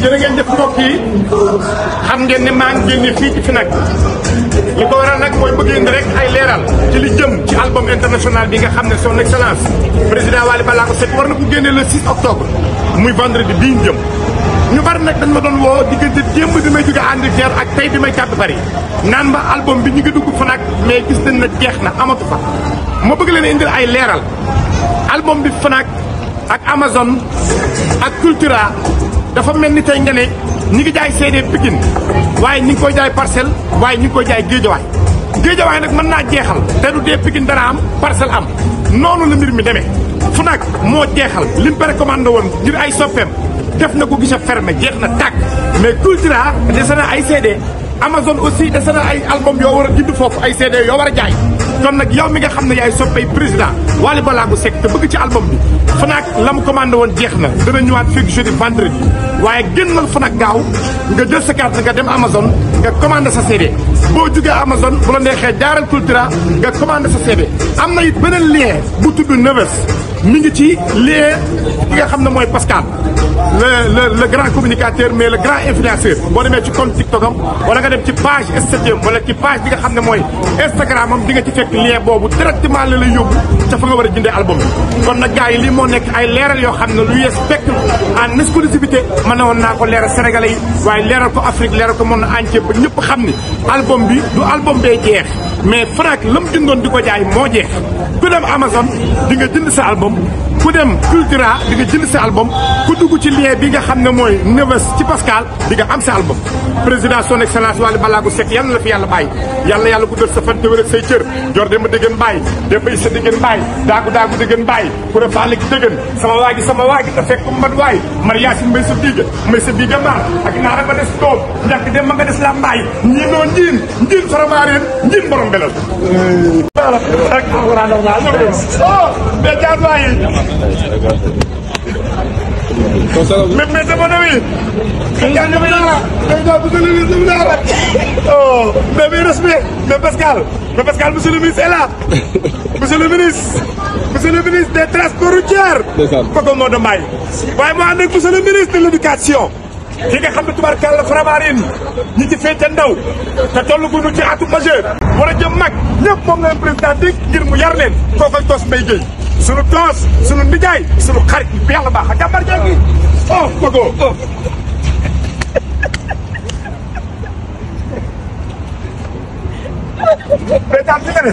jërë ngeen jëf mbokk yi xam ngeen ne maa ngi génne fii ci Fnac li ko waral nag mooy bëgg indi rek ay leeral ci li jëm ci album international bi nga xam ne son excellence président Wally Ballago Seck war na ko génne le 6 octobre muy vendredi bii ñu jëm ñu bari nag dañ ma doon woo diggante démb bi may jóge Angleterre ak tey bi may kàddu bari naan ma bi ñu ngi dugg Fnac mais gis nañ na jeex na amatu fa ma bëgg leen indi ay leeral album bi Fnac ak Amazon ak dafa mel ni tey nga ne ñi ngi jaay seede Pikine waaye ñi ngi koy jaay parcelle waaye ñi ngi koy jaay géejawaay géejawaay nag mën naa jeexal te du dee Pikine dana am parcelle am noonu la mbir mi demee fu nag moo jeexal lim précommandé woon ngir ay soppeem def na ko guichet fermé jeex na tàkk mais Cultura dese na ay CD Amazon aussi dese na ay album yoo war a dindi foofu ay CD yoo war a jaay kon nag yow mi nga xam ne yaay soppay président Wally Ballago Seck te bëgg ci album bi Fnac la mu commandé woon jeex na dana ñëwaat fekk jeudi vendredi waaye génnal Fnac gaaw nga jël sa carte nga dem Amazon nga commandé sa CD boo jugee Amazon bu la neexee jaaral Cultura nga commandé sa CD am na it beneen lien bu tudd Neves mi ngi ci lien ki nga xam ne mooy Pascal le le le grand communicateur mais le grand influenceur boo demee ci compte TikTok am wala nga dem ci page Instagram wala ci page bi nga xam ne mooy Instagram am di nga ci fekk nag lien boobu directement la lay yóbbu ca nga war a jëndee album bi kon na gars yi lii moo nekk ay leeral yoo xam ne lu yees fekk en exclusivité mën na woon naa ko leeral sénégalais yi waaye leeral ko Afrique leeral ko monde entier ba ñëpp xam ni album bi du album bee jeex mais Frank la mu jëndoon di ko jaay moo jeex ku dem Amazon di nga jënd sa album ku dem Cultura di nga sa album ku dugg ci lien bi nga xam ne mooy Neves ci Pascal di am sa album. président son excellence Wally Ballago Seck yàlla la fi yàlla bàyyi yàlla yàlla guddal sa fan te wér ak say cër jor de ma dëggën bàyyi dafay sa dëggën bàyyi daagu daagu dëggën bàyyi ku ne Fallou dëggën sama waa gi sama waa gi fekk man waay Mariasin may sa diiga maar gi dem ma nga la mbaay ñii noon njiin njiin soromaareen njiin borom belal ak alxuraan ak naa ñëw oh, mais jaar waaye mais mais dama ne wi jaar ñëw naa day naa monsieur le ministre naa la oh mais mais respect mais Pascal mais Pascal monsieur le ministre est là monsieur ministre monsieur le ministre des transports mbaay waaye moo ànd ak ministre de l'éducation ki nga xam ne tubaarkàlla Faramareen ñi ci féete ndaw te tollaguñu ci atu majeur war a jëm mag ñëpp moom leen président dig ngir mu yar leen kookoy toos mbay géey sunu toos sunu nijaay sunu xarit bi yàlla a jàmbar jàngi oh bi nga ne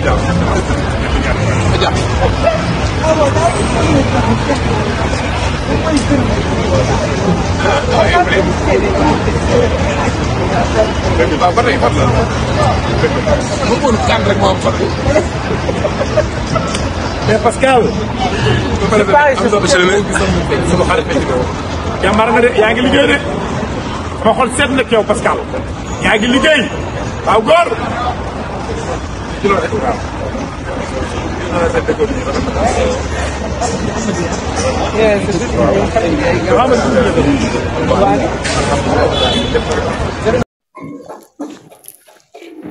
Thank dëgg la ba tey fan la dëgg la bu mu kan rek moo am fan. mais Pascal. sama xarit fekk na woon. jàmbaar nga de yaa ngi liggéey de. ma xool seet na yow Pascal. yaa ngi liggéey. waaw góor. ci loolu rek waaw. Yes, it's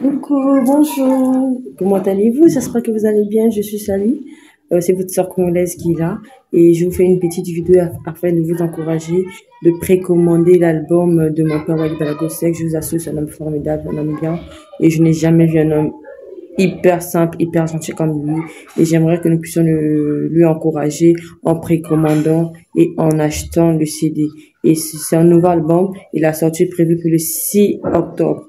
Coucou, bonjour, comment allez-vous J'espère que vous allez bien, je suis Sally, euh, c'est votre soeur congolaise qui est là et je vous fais une petite vidéo afin de vous encourager de précommander l'album de mon père Wally Balagosek. Je vous assure, c'est un homme formidable, un homme bien et je n'ai jamais vu un homme hyper simple, hyper gentil comme lui. Et j'aimerais que nous puissions le, lui encourager en précommandant et en achetant le CD. Et c'est un album et la sortie est le 6 octobre.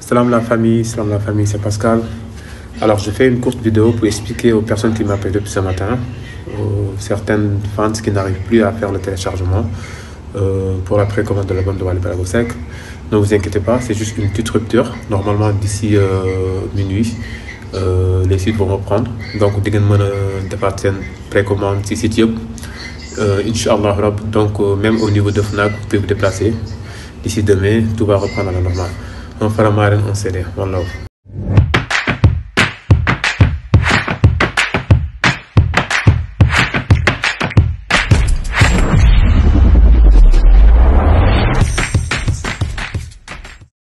Salam la famille, salam la famille, c'est Pascal. Alors je fais une courte vidéo pour expliquer aux personnes qui m'appellent depuis ce matin, aux certaines fans qui n'arrivent plus à faire le téléchargement euh, pour la précommande de l'album de Wally Balagosek. Ne vous inquiétez pas, c'est juste une petite rupture. Normalement, d'ici euh, minuit, euh, les sites vont reprendre. Donc, di ngeen mën a defaat seen précommande si site in euh, incha allah rab donc même au niveau de Fnac, vous pouvez vous déplacer d'ici demain, tout va reprendre à la normale. On fera marraine, on sait, on